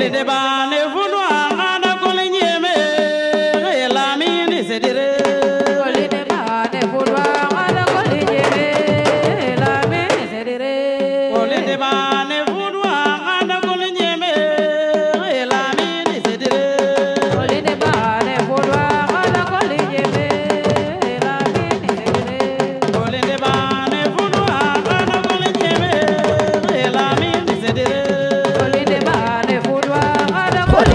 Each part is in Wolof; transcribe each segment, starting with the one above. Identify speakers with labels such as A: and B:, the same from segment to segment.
A: le débat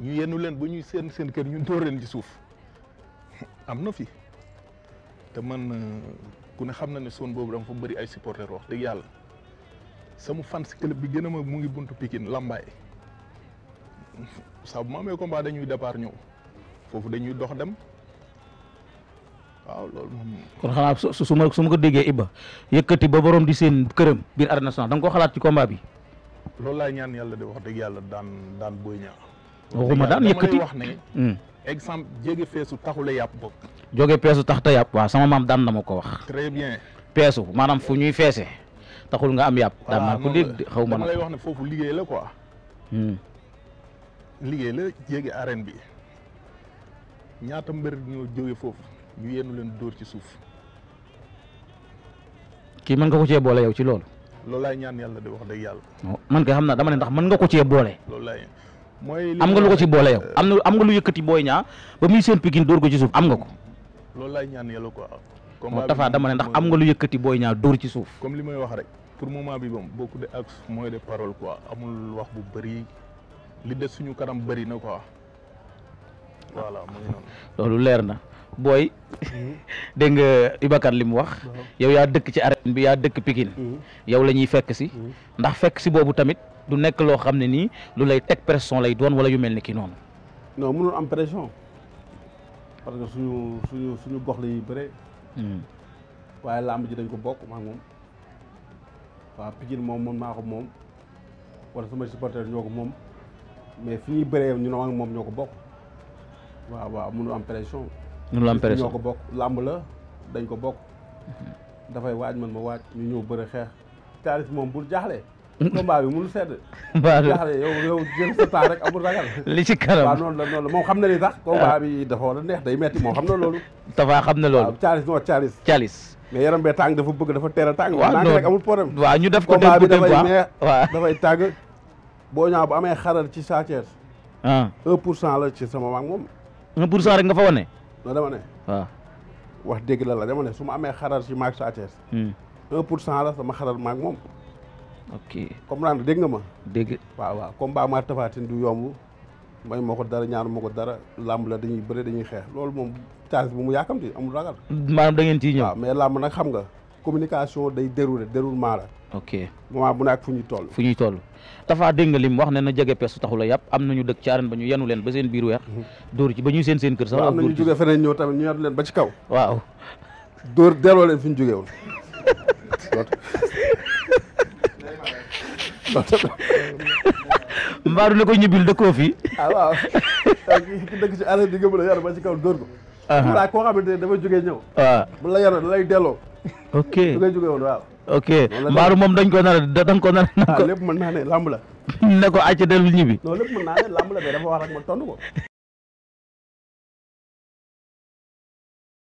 B: ñu yennu leen ba ñuy seen seen kër ñu dóor leen ci suuf am na fi te man euh, ku ne xam na ne son boobu dama fa bari ay supporters wax dëgg yàlla sama fans club bi gën a mag mu ngi buntu Pikine Lambaay saa bu ma amee combat dañuy départ ñëw foofu dañuy dox dem waaw loolu moom.
A: kon xanaa su su ma su ma ko déggee Iba yëkkati ba borom di seen këram biir arène nationale da nga xalaat ci combat bi.
B: loolu laa ñaan yàlla de wax dëgg yàlla daan daan booy ñaa waxuma daan yëkkati wax ne. Hmm. exemple jóge feesu taxula yàpp bokk.
A: jóge peesu tax te yàpp waaw sama maam daan na ma ko wax. très bien peesu maanaam fu ñuy feese taxul nga am yàpp. Ah, daan naa xaw ma na lay
B: wax ne foofu liggéey la quoi. Hmm. la jéegi arène bi ñaata mbër ñoo jóge foofu ñu yéenu leen dóor ci suuf.
A: kii mën nga ko cee boole yow ci loolu.
B: loolu laay ñaan yàlla di wax dëgg yàlla.
A: Oh, man kay xam naa dama ne ndax mën nga ko cee boole.
B: am nga lu ko ci boole yow euh,
A: am na am nga lu yëkkati booy ñaa ba muy seen pikin dóor ko ci suuf am nga ko.
B: loolu laay ñaan yàlla quoi. moo tafa dama ne ndax am nga
A: lu yëkkati booy ñaa dóor ci suuf.
B: comme li may wax rek pour moment bi moom beaucoup de axe mooy de parole ko amul wax bu bëri li des suñu kanam bëri na ko voilà mu
A: loolu leer na. booy mm-hmm. dégg nga Ibacar li mu wax mm-hmm. yow yaa dëkk ci arène bi yaa dëkk Pikine mm-hmm. yow la ñuy fekk si ndax fekk si boobu tamit du nekk loo xam ne nii lu lay teg pression lay doon wala yu mel ni ki noonu
C: non mënul am pression parce que suñu suñu suñu gox la ñuy bëree mm. waaye làmb ji dañ ko bokk maa moom waaw Pikine moom maa ko moom wala suma supporter ñoo ko moom mais fi ñuy bëree ñu ne maa moom ñoo ko bokk waaw waaw mënul am pression ñun lamb ñoo ko bokk làmb la dañ ko bokk dafay waaj man ma waaj ñu ñëw bëri xeex taalif moom bul jaaxle combat yi mënul sedd
A: bul jaaxle
C: yow yow jël sa temps amul ragal li ci kanam noonu la noonu la moom xam na ni sax combat ah. bi dafa war a neex day metti moom xam na loolu dafa xam ne loolu caalis non caalis caalis yaram bee tàng dafa bëgg dafa teel a tàng waaw naan rek amul problème waaw ñu def ko combat bi dafay neex waaw dafay tàng boo ñaaw bu amee xaral ci Sa Thiès ah. un pour cent la ci sama mag moom un pour cent loolu dama ne. waaw wax dégg la la dama ne su ma amee xarar ci maag Sa Thiès. Hmm. pour cent la sama xarar maak moom. ok comprendre dégg nga ma. dégg waaw waaw combat ma Tapha Tine du yomb mooy moo ko dara ñaanu moo ko dara lamb la dañuy bëre dañuy xeex loolu moom charge bu mu yaakamti amul ragal. maanaam da ngeen ciy ñëw. waaw mais làmb nag xam nga communication day dérouler déroulement la. ok moment bu naag fu ñuy toll fu
A: ñuy toll dafa dégg nga lim wax ne na jege peesu taxu la yàpp am nañu dëkk ci arène ba ñu yenu leen ba seen biir weer mhm.
C: dóor ci ba ñuy seen seen kër sax am nañu jógee feneen ñëw tamit ñu yenu leen ba waaw dóor delloo leen fi ñu jógee woon mbaaru ne ko ñibbil dëkkoo fii ah, ki dëkk ci arène di gëm la yar ba ci kaw dóor ko voilà koo xamante ne dafa jógee ñëw bu la yaro da lay delloo ok du ngay jógee woon ok mbaaru moom dañ ko nar a da nga ko nar a. Ah, lépp mën naa ne làmb ne ko àcc dellu ñibbi. non lépp mën naa ne làmb la mais dafa wax ko.